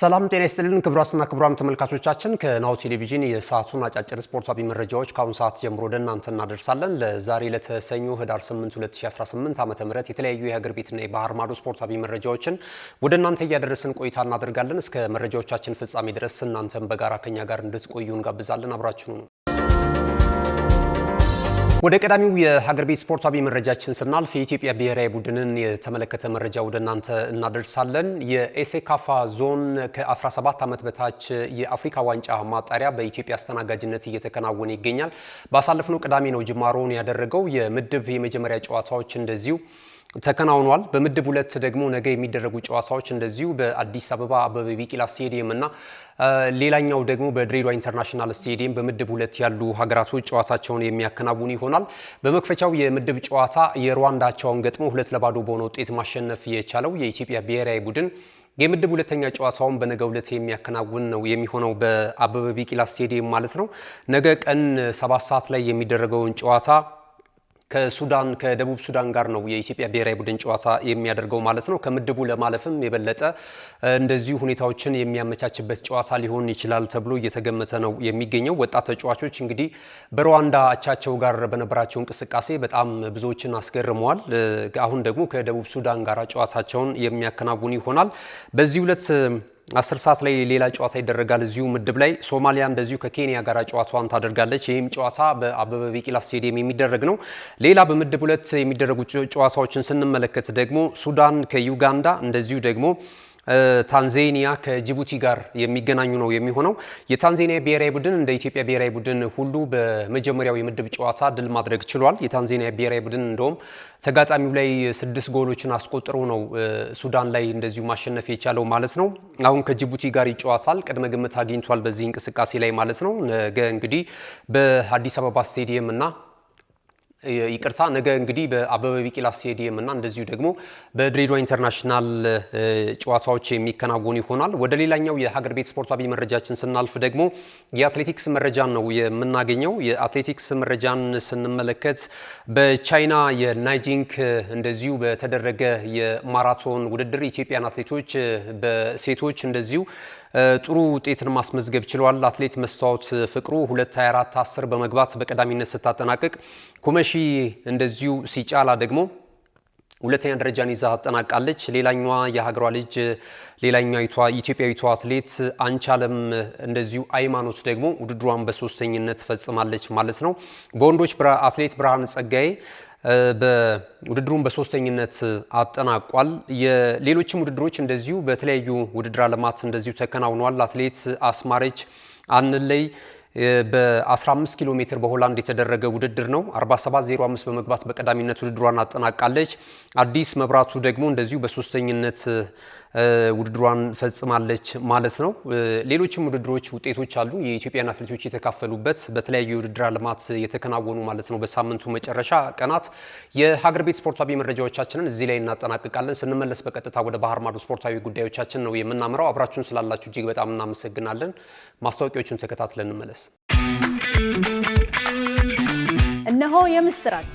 ሰላም ጤና ይስጥልን ክቡራትና ክቡራን ተመልካቾቻችን፣ ከናሁ ቴሌቪዥን የሰዓቱን አጫጭር ስፖርታዊ መረጃዎች ከአሁኑ ሰዓት ጀምሮ ወደ እናንተ እናደርሳለን። ለዛሬ ለተሰኞ ህዳር 8 2018 ዓ.ም የተለያዩ የሀገር ቤትና የባህር ማዶ ስፖርታዊ መረጃዎችን ወደ እናንተ እያደረስን ቆይታ እናደርጋለን። እስከ መረጃዎቻችን ፍጻሜ ድረስ እናንተን በጋራ ከኛ ጋር እንድትቆዩ እንጋብዛለን። አብራችኑ ነው። ወደ ቀዳሚው የሀገር ቤት ስፖርታዊ መረጃችን ስናልፍ የኢትዮጵያ ብሔራዊ ቡድንን የተመለከተ መረጃ ወደ እናንተ እናደርሳለን። የኤሴካፋ ዞን ከ17 ዓመት በታች የአፍሪካ ዋንጫ ማጣሪያ በኢትዮጵያ አስተናጋጅነት እየተከናወነ ይገኛል። ባሳለፍነው ቅዳሜ ነው ጅማሮውን ያደረገው። የምድብ የመጀመሪያ ጨዋታዎች እንደዚሁ ተከናውኗል። በምድብ ሁለት ደግሞ ነገ የሚደረጉ ጨዋታዎች እንደዚሁ በአዲስ አበባ አበበ ቢቂላ ስቴዲየም እና ሌላኛው ደግሞ በድሬዳዋ ኢንተርናሽናል ስቴዲየም በምድብ ሁለት ያሉ ሀገራቶች ጨዋታቸውን የሚያከናውኑ ይሆናል። በመክፈቻው የምድብ ጨዋታ የሩዋንዳቸውን ገጥሞ ሁለት ለባዶ በሆነ ውጤት ማሸነፍ የቻለው የኢትዮጵያ ብሔራዊ ቡድን የምድብ ሁለተኛ ጨዋታውን በነገ ሁለት የሚያከናውን ነው የሚሆነው በአበበ ቢቂላ ስቴዲየም ማለት ነው። ነገ ቀን ሰባት ሰዓት ላይ የሚደረገውን ጨዋታ ከሱዳን ከደቡብ ሱዳን ጋር ነው የኢትዮጵያ ብሔራዊ ቡድን ጨዋታ የሚያደርገው ማለት ነው። ከምድቡ ለማለፍም የበለጠ እንደዚሁ ሁኔታዎችን የሚያመቻችበት ጨዋታ ሊሆን ይችላል ተብሎ እየተገመተ ነው የሚገኘው። ወጣት ተጫዋቾች እንግዲህ በሩዋንዳ አቻቸው ጋር በነበራቸው እንቅስቃሴ በጣም ብዙዎችን አስገርመዋል። አሁን ደግሞ ከደቡብ ሱዳን ጋር ጨዋታቸውን የሚያከናውኑ ይሆናል በዚህ ሁለት አስር ሰዓት ላይ ሌላ ጨዋታ ይደረጋል። እዚሁ ምድብ ላይ ሶማሊያ እንደዚሁ ከኬንያ ጋር ጨዋታዋን ታደርጋለች። ይህም ጨዋታ በአበበ ቢቂላ ስቴዲየም የሚደረግ ነው። ሌላ በምድብ ሁለት የሚደረጉ ጨዋታዎችን ስንመለከት ደግሞ ሱዳን ከዩጋንዳ እንደዚሁ ደግሞ ታንዛኒያ ከጅቡቲ ጋር የሚገናኙ ነው የሚሆነው። የታንዛኒያ ብሔራዊ ቡድን እንደ ኢትዮጵያ ብሔራዊ ቡድን ሁሉ በመጀመሪያው የምድብ ጨዋታ ድል ማድረግ ችሏል። የታንዛኒያ ብሔራዊ ቡድን እንደውም ተጋጣሚው ላይ ስድስት ጎሎችን አስቆጥሮ ነው ሱዳን ላይ እንደዚሁ ማሸነፍ የቻለው ማለት ነው። አሁን ከጅቡቲ ጋር ይጫወታል። ቅድመ ግምት አግኝቷል በዚህ እንቅስቃሴ ላይ ማለት ነው። ነገ እንግዲህ በአዲስ አበባ ስቴዲየም እና ይቅርታ ነገ እንግዲህ በአበበ ቢቂላ ስቴዲየም እና እንደዚሁ ደግሞ በድሬዳዋ ኢንተርናሽናል ጨዋታዎች የሚከናወኑ ይሆናል። ወደ ሌላኛው የሀገር ቤት ስፖርታዊ መረጃችን ስናልፍ ደግሞ የአትሌቲክስ መረጃን ነው የምናገኘው። የአትሌቲክስ መረጃን ስንመለከት በቻይና የናይጂንግ እንደዚሁ በተደረገ የማራቶን ውድድር ኢትዮጵያን አትሌቶች በሴቶች እንደዚሁ ጥሩ ውጤትን ማስመዝገብ ችሏል። አትሌት መስታወት ፍቅሩ 224 10 በመግባት በቀዳሚነት ስታጠናቅቅ ኩመሺ እንደዚሁ ሲጫላ ደግሞ ሁለተኛ ደረጃን ይዛ አጠናቃለች። ሌላኛዋ የሀገሯ ልጅ ሌላኛዊቷ ኢትዮጵያዊቷ አትሌት አንቻለም እንደዚሁ አይማኖት ደግሞ ውድድሯን በሶስተኝነት ፈጽማለች ማለት ነው። በወንዶች አትሌት ብርሃን ጸጋዬ ውድድሩን በሶስተኝነት አጠናቋል። የሌሎችም ውድድሮች እንደዚሁ በተለያዩ ውድድር አለማት እንደዚሁ ተከናውኗል። አትሌት አስማረች አንለይ በ15 ኪሎ ሜትር በሆላንድ የተደረገ ውድድር ነው። 47.05 በመግባት በቀዳሚነት ውድድሯን አጠናቃለች። አዲስ መብራቱ ደግሞ እንደዚሁ በሶስተኝነት ውድድሯን ፈጽማለች ማለት ነው። ሌሎችም ውድድሮች ውጤቶች አሉ የኢትዮጵያን አትሌቶች የተካፈሉበት በተለያዩ የውድድር አልማት የተከናወኑ ማለት ነው። በሳምንቱ መጨረሻ ቀናት የሀገር ቤት ስፖርታዊ መረጃዎቻችንን እዚህ ላይ እናጠናቅቃለን። ስንመለስ በቀጥታ ወደ ባህር ማዶ ስፖርታዊ ጉዳዮቻችን ነው የምናምረው አብራችሁን ስላላችሁ እጅግ በጣም እናመሰግናለን። ማስታወቂያዎቹን ተከታትለን እንመለስ። እነሆ የምስራች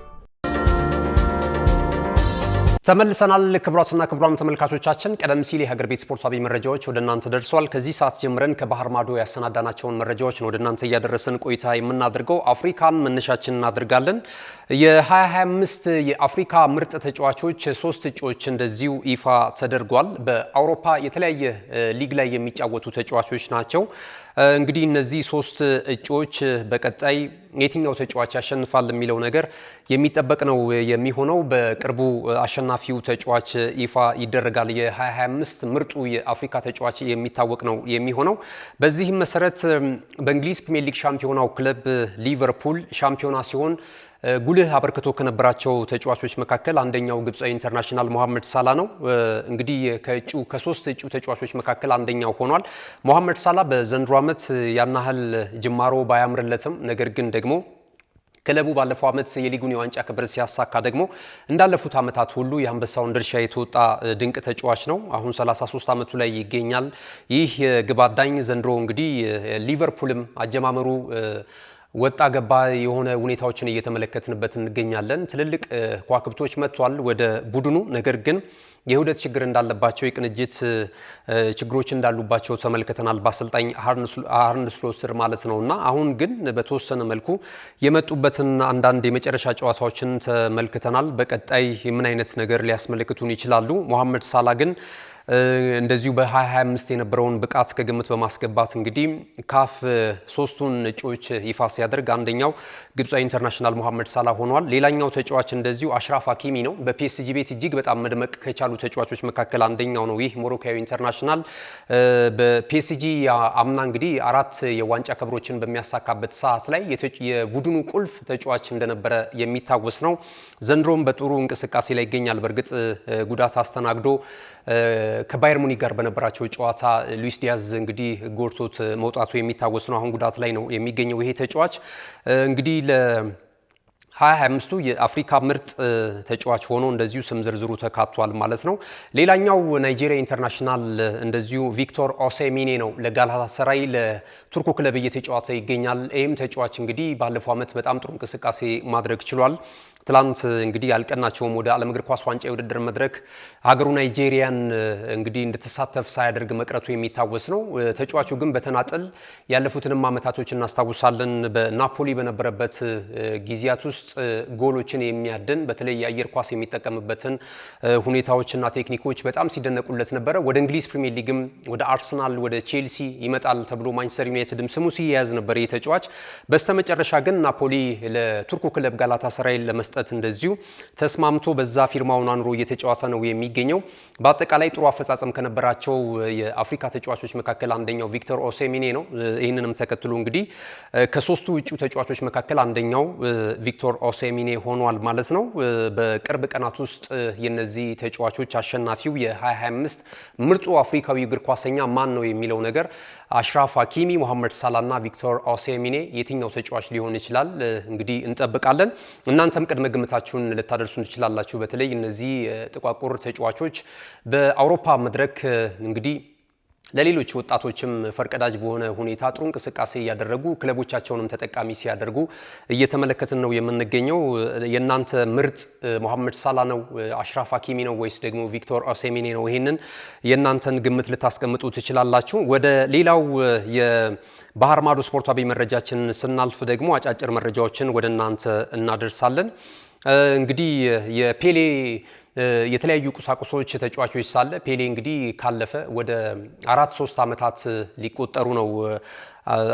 ተመልሰናል። ክቡራትና ክቡራን ተመልካቾቻችን ቀደም ሲል የሀገር ቤት ስፖርታዊ መረጃዎች ወደ እናንተ ደርሷል። ከዚህ ሰዓት ጀምረን ከባህር ማዶ ያሰናዳናቸውን መረጃዎች ወደ እናንተ እያደረስን ቆይታ የምናደርገው። አፍሪካን መነሻችን እናደርጋለን። የ2025 የአፍሪካ ምርጥ ተጫዋቾች ሶስት እጩዎች እንደዚሁ ይፋ ተደርጓል። በአውሮፓ የተለያየ ሊግ ላይ የሚጫወቱ ተጫዋቾች ናቸው። እንግዲህ እነዚህ ሶስት እጩዎች በቀጣይ የትኛው ተጫዋች ያሸንፋል የሚለው ነገር የሚጠበቅ ነው የሚሆነው። በቅርቡ አሸናፊው ተጫዋች ይፋ ይደረጋል። የ2025 ምርጡ የአፍሪካ ተጫዋች የሚታወቅ ነው የሚሆነው። በዚህም መሰረት በእንግሊዝ ፕሪሚየር ሊግ ሻምፒዮናው ክለብ ሊቨርፑል ሻምፒዮና ሲሆን ጉልህ አበርክቶ ከነበራቸው ተጫዋቾች መካከል አንደኛው ግብፃዊ ኢንተርናሽናል ሞሐመድ ሳላ ነው። እንግዲህ ከእጩ ከሶስት እጩ ተጫዋቾች መካከል አንደኛው ሆኗል። ሞሐመድ ሳላ በዘንድሮ ዓመት ያናህል ጅማሮ ባያምርለትም ነገር ግን ደግሞ ክለቡ ባለፈው ዓመት የሊጉን የዋንጫ ክብር ሲያሳካ ደግሞ እንዳለፉት ዓመታት ሁሉ የአንበሳውን ድርሻ የተወጣ ድንቅ ተጫዋች ነው። አሁን 33 ዓመቱ ላይ ይገኛል። ይህ ግብ አዳኝ ዘንድሮ እንግዲህ ሊቨርፑልም አጀማመሩ ወጣ ገባ የሆነ ሁኔታዎችን እየተመለከትንበት እንገኛለን። ትልልቅ ከዋክብቶች መጥቷል ወደ ቡድኑ። ነገር ግን የውህደት ችግር እንዳለባቸው የቅንጅት ችግሮች እንዳሉባቸው ተመልክተናል፣ በአሰልጣኝ አርነ ስሎት ስር ማለት ነው እና አሁን ግን በተወሰነ መልኩ የመጡበትን አንዳንድ የመጨረሻ ጨዋታዎችን ተመልክተናል። በቀጣይ ምን አይነት ነገር ሊያስመለክቱን ይችላሉ? ሞሐመድ ሳላ ግን እንደዚሁ በ2025 የነበረውን ብቃት ከግምት በማስገባት እንግዲህ ካፍ ሶስቱን እጩዎች ይፋ ሲያደርግ አንደኛው ግብፃዊ ኢንተርናሽናል መሐመድ ሳላ ሆኗል። ሌላኛው ተጫዋች እንደዚሁ አሽራፍ ሀኪሚ ነው። በፒኤስጂ ቤት እጅግ በጣም መድመቅ ከቻሉ ተጫዋቾች መካከል አንደኛው ነው። ይህ ሞሮካዊ ኢንተርናሽናል በፒኤስጂ አምና እንግዲህ አራት የዋንጫ ክብሮችን በሚያሳካበት ሰዓት ላይ የቡድኑ ቁልፍ ተጫዋች እንደነበረ የሚታወስ ነው። ዘንድሮም በጥሩ እንቅስቃሴ ላይ ይገኛል። በእርግጥ ጉዳት አስተናግዶ ከባየር ሙኒክ ጋር በነበራቸው ጨዋታ ሉዊስ ዲያዝ እንግዲህ ጎርቶት መውጣቱ የሚታወስ ነው። አሁን ጉዳት ላይ ነው የሚገኘው ይሄ ተጫዋች እንግዲህ 2025ቱ የአፍሪካ ምርጥ ተጫዋች ሆኖ እንደዚሁ ስም ዝርዝሩ ተካቷል ማለት ነው። ሌላኛው ናይጄሪያ ኢንተርናሽናል እንደዚሁ ቪክቶር ኦሴሚኔ ነው። ሰራይ ለቱርኩ ክለብ እየተጫወተ ይገኛል። ይህም ተጫዋች እንግዲህ ባለፈው ዓመት በጣም ጥሩ እንቅስቃሴ ማድረግ ችሏል። ትላንት እንግዲህ ያልቀናቸውም ወደ ዓለም እግር ኳስ ዋንጫ የውድድር መድረክ ሀገሩ ናይጄሪያን እንግዲህ እንድትሳተፍ ሳያደርግ መቅረቱ የሚታወስ ነው። ተጫዋቹ ግን በተናጠል ያለፉትንም ዓመታቶች እናስታውሳለን። በናፖሊ በነበረበት ጊዜያት ውስጥ ውስጥ ጎሎችን የሚያድን በተለይ የአየር ኳስ የሚጠቀምበትን ሁኔታዎችና ቴክኒኮች በጣም ሲደነቁለት ነበረ። ወደ እንግሊዝ ፕሪሚየር ሊግም ወደ አርሰናል፣ ወደ ቼልሲ ይመጣል ተብሎ ማንቸስተር ዩናይትድም ስሙ ሲያያዝ ነበር ይህ ተጫዋች። በስተመጨረሻ ግን ናፖሊ ለቱርኩ ክለብ ጋላታ ሰራይ ለመስጠት እንደዚሁ ተስማምቶ በዛ ፊርማውን አኑሮ እየተጫወተ ነው የሚገኘው። በአጠቃላይ ጥሩ አፈጻጸም ከነበራቸው የአፍሪካ ተጫዋቾች መካከል አንደኛው ቪክተር ኦሴሚኔ ነው። ይህንንም ተከትሎ እንግዲህ ከሶስቱ ውጪ ተጫዋቾች መካከል አንደኛው ቪክቶር ኦሴሚኔ ሆኗል ማለት ነው። በቅርብ ቀናት ውስጥ የነዚህ ተጫዋቾች አሸናፊው የ2025 ምርጡ አፍሪካዊ እግር ኳሰኛ ማን ነው የሚለው ነገር አሽራፍ ሀኪሚ፣ ሞሐመድ ሳላና ቪክቶር ኦሴሚኔ የትኛው ተጫዋች ሊሆን ይችላል እንግዲህ እንጠብቃለን። እናንተም ቅድመ ግምታችሁን ልታደርሱን ትችላላችሁ። በተለይ እነዚህ ጥቋቁር ተጫዋቾች በአውሮፓ መድረክ እንግዲህ ለሌሎች ወጣቶችም ፈርቀዳጅ በሆነ ሁኔታ ጥሩ እንቅስቃሴ እያደረጉ ክለቦቻቸውንም ተጠቃሚ ሲያደርጉ እየተመለከትን ነው የምንገኘው። የእናንተ ምርጥ ሞሐመድ ሳላ ነው፣ አሽራፍ ሀኪሚ ነው ወይስ ደግሞ ቪክቶር ኦሴሚኔ ነው? ይህንን የእናንተን ግምት ልታስቀምጡ ትችላላችሁ። ወደ ሌላው የባህር ማዶ ስፖርታዊ መረጃችን ስናልፍ ደግሞ አጫጭር መረጃዎችን ወደ እናንተ እናደርሳለን። እንግዲህ የፔሌ የተለያዩ ቁሳቁሶች ተጫዋቾች ሳለ ፔሌ እንግዲህ ካለፈ ወደ አራት ሶስት ዓመታት ሊቆጠሩ ነው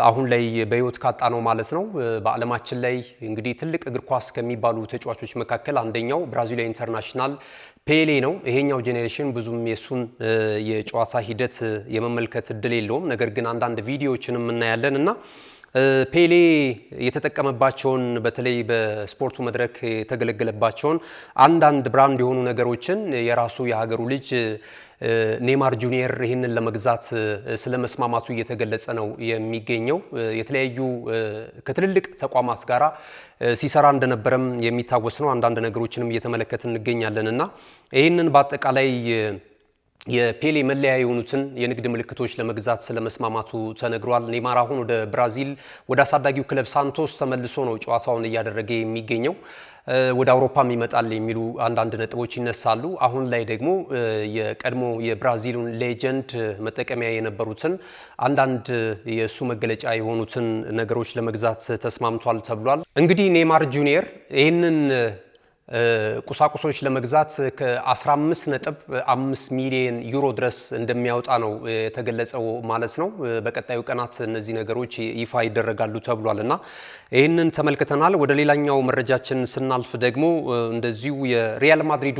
አሁን ላይ በህይወት ካጣ ነው ማለት ነው። በዓለማችን ላይ እንግዲህ ትልቅ እግር ኳስ ከሚባሉ ተጫዋቾች መካከል አንደኛው ብራዚሊያ ኢንተርናሽናል ፔሌ ነው። ይሄኛው ጄኔሬሽን ብዙም የሱን የጨዋታ ሂደት የመመልከት እድል የለውም። ነገር ግን አንዳንድ ቪዲዮዎችንም እናያለን እና ፔሌ የተጠቀመባቸውን በተለይ በስፖርቱ መድረክ የተገለገለባቸውን አንዳንድ ብራንድ የሆኑ ነገሮችን የራሱ የሀገሩ ልጅ ኔማር ጁኒየር ይህንን ለመግዛት ስለመስማማቱ እየተገለጸ ነው የሚገኘው። የተለያዩ ከትልልቅ ተቋማት ጋራ ሲሰራ እንደነበረም የሚታወስ ነው። አንዳንድ ነገሮችንም እየተመለከት እንገኛለን እና ይህንን በአጠቃላይ የፔሌ መለያ የሆኑትን የንግድ ምልክቶች ለመግዛት ስለመስማማቱ ተነግሯል። ኔማር አሁን ወደ ብራዚል ወደ አሳዳጊው ክለብ ሳንቶስ ተመልሶ ነው ጨዋታውን እያደረገ የሚገኘው። ወደ አውሮፓም ይመጣል የሚሉ አንዳንድ ነጥቦች ይነሳሉ። አሁን ላይ ደግሞ የቀድሞ የብራዚሉን ሌጀንድ መጠቀሚያ የነበሩትን አንዳንድ የእሱ መገለጫ የሆኑትን ነገሮች ለመግዛት ተስማምቷል ተብሏል። እንግዲህ ኔማር ጁኒየር ይህንን ቁሳቁሶች ለመግዛት ከ15.5 ሚሊዮን ዩሮ ድረስ እንደሚያወጣ ነው የተገለጸው ማለት ነው። በቀጣዩ ቀናት እነዚህ ነገሮች ይፋ ይደረጋሉ ተብሏል እና ይህንን ተመልክተናል። ወደ ሌላኛው መረጃችን ስናልፍ ደግሞ እንደዚሁ የሪያል ማድሪዱ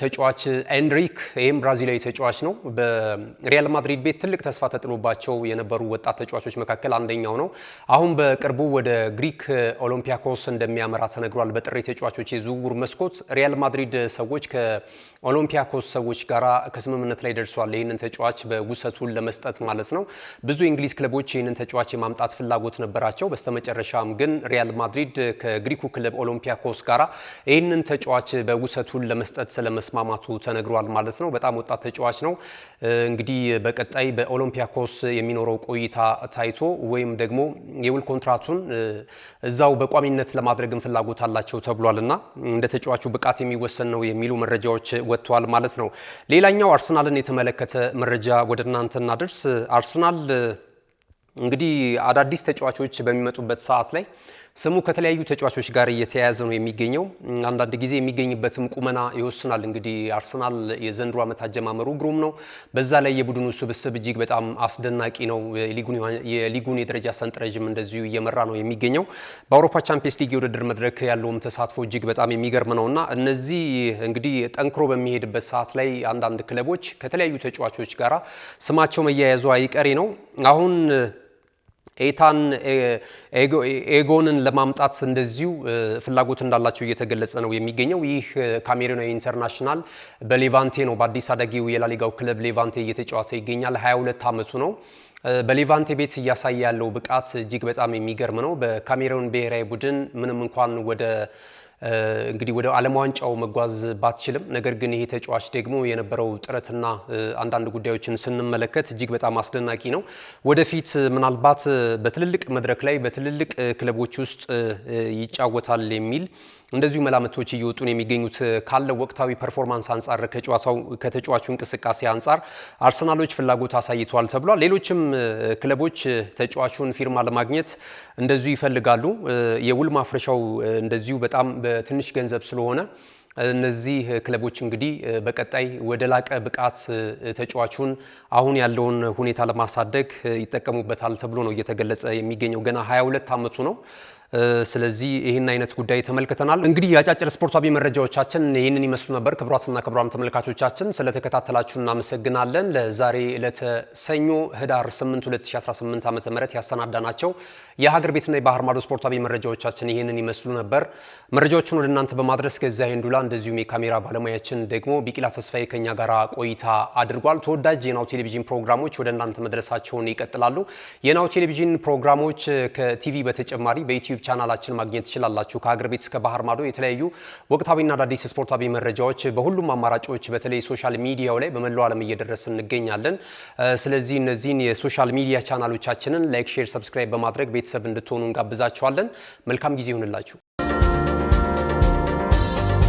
ተጫዋች ኤንሪክ ይህም ብራዚላዊ ተጫዋች ነው። በሪያል ማድሪድ ቤት ትልቅ ተስፋ ተጥሎባቸው የነበሩ ወጣት ተጫዋቾች መካከል አንደኛው ነው። አሁን በቅርቡ ወደ ግሪክ ኦሎምፒያኮስ እንደሚያመራ ተነግሯል። በጥሬ ተጫዋቾች የዝውውር መስኮት ሪያል ማድሪድ ሰዎች ከኦሎምፒያኮስ ሰዎች ጋር ከስምምነት ላይ ደርሷል። ይህንን ተጫዋች በውሰቱን ለመስጠት ማለት ነው። ብዙ የእንግሊዝ ክለቦች ይህንን ተጫዋች የማምጣት ፍላጎት ነበራቸው። በስተመጨረሻም ግን ሪያል ማድሪድ ከግሪኩ ክለብ ኦሎምፒያኮስ ጋር ይህንን ተጫዋች በውሰቱን ለመስጠት ስለመስማማቱ ተነግሯል ማለት ነው። በጣም ወጣት ተጫዋች ነው። እንግዲህ በቀጣይ በኦሎምፒያኮስ የሚኖረው ቆይታ ታይቶ ወይም ደግሞ የውል ኮንትራቱን እዛው በቋሚነት ለማድረግም ፍላጎት አላቸው ተብሏል እና እንደ ተጫዋቹ ብቃት የሚወሰን ነው የሚሉ መረጃዎች ወጥተዋል ማለት ነው። ሌላኛው አርሰናልን የተመለከተ መረጃ ወደ እናንተ እናደርስ። አርሰናል እንግዲህ አዳዲስ ተጫዋቾች በሚመጡበት ሰዓት ላይ ስሙ ከተለያዩ ተጫዋቾች ጋር እየተያያዘ ነው የሚገኘው። አንዳንድ ጊዜ የሚገኝበትም ቁመና ይወስናል። እንግዲህ አርሰናል የዘንድሮ ዓመት አጀማመሩ ግሩም ነው። በዛ ላይ የቡድኑ ስብስብ እጅግ በጣም አስደናቂ ነው። የሊጉን የደረጃ ሰንጠረዥም እንደዚሁ እየመራ ነው የሚገኘው። በአውሮፓ ቻምፒየንስ ሊግ የውድድር መድረክ ያለውም ተሳትፎ እጅግ በጣም የሚገርም ነው እና እነዚህ እንግዲህ ጠንክሮ በሚሄድበት ሰዓት ላይ አንዳንድ ክለቦች ከተለያዩ ተጫዋቾች ጋራ ስማቸው መያያዙ አይቀሬ ነው አሁን ኤታን ኤጎንን ለማምጣት እንደዚሁ ፍላጎት እንዳላቸው እየተገለጸ ነው የሚገኘው። ይህ ካሜሩናዊ ኢንተርናሽናል በሌቫንቴ ነው በአዲስ አዳጊው የላሊጋው ክለብ ሌቫንቴ እየተጫወተ ይገኛል። 22 ዓመቱ ነው። በሌቫንቴ ቤት እያሳየ ያለው ብቃት እጅግ በጣም የሚገርም ነው። በካሜሩን ብሔራዊ ቡድን ምንም እንኳን ወደ እንግዲህ ወደ ዓለም ዋንጫው መጓዝ ባትችልም ነገር ግን ይሄ ተጫዋች ደግሞ የነበረው ጥረትና አንዳንድ ጉዳዮችን ስንመለከት እጅግ በጣም አስደናቂ ነው። ወደፊት ምናልባት በትልልቅ መድረክ ላይ በትልልቅ ክለቦች ውስጥ ይጫወታል የሚል እንደዚሁ መላምቶች እየወጡ የሚገኙት። ካለው ወቅታዊ ፐርፎርማንስ አንጻር ከተጫዋቹ እንቅስቃሴ አንጻር አርሰናሎች ፍላጎት አሳይተዋል ተብሏል። ሌሎችም ክለቦች ተጫዋቹን ፊርማ ለማግኘት እንደዚሁ ይፈልጋሉ። የውል ማፍረሻው እንደዚሁ በጣም በትንሽ ገንዘብ ስለሆነ እነዚህ ክለቦች እንግዲህ በቀጣይ ወደ ላቀ ብቃት ተጫዋቹን አሁን ያለውን ሁኔታ ለማሳደግ ይጠቀሙበታል ተብሎ ነው እየተገለጸ የሚገኘው። ገና 22 ዓመቱ ነው። ስለዚህ ይህን አይነት ጉዳይ ተመልክተናል። እንግዲህ የአጫጭር ስፖርታዊ መረጃዎቻችን ይህንን ይመስሉ ነበር። ክቡራትና ክቡራን ተመልካቾቻችን ስለተከታተላችሁ እናመሰግናለን። ለዛሬ ለተሰኞ ህዳር 8 2018 ዓ ም ያሰናዳናቸው የሀገር ቤትና የባህር ማዶ ስፖርታዊ መረጃዎቻችን ይህንን ይመስሉ ነበር። መረጃዎቹን ወደ እናንተ በማድረስ ከዚያ ሄንዱላ እንደዚሁም የካሜራ ባለሙያችን ደግሞ ቢቂላ ተስፋዬ ከኛ ጋር ቆይታ አድርጓል። ተወዳጅ የናሁ ቴሌቪዥን ፕሮግራሞች ወደ እናንተ መድረሳቸውን ይቀጥላሉ። የናሁ ቴሌቪዥን ፕሮግራሞች ከቲቪ በተጨማሪ በዩትዩብ ቻናላችን ማግኘት ትችላላችሁ። ከሀገር ቤት እስከ ባህር ማዶ የተለያዩ ወቅታዊና አዳዲስ ስፖርታዊ መረጃዎች በሁሉም አማራጮች በተለይ ሶሻል ሚዲያው ላይ በመላው ዓለም እየደረስ እንገኛለን። ስለዚህ እነዚህን የሶሻል ሚዲያ ቻናሎቻችንን ላይክ፣ ሼር፣ ሰብስክራይብ በማድረግ ቤት ቤተሰብ እንድትሆኑ እንጋብዛችኋለን። መልካም ጊዜ ይሁንላችሁ።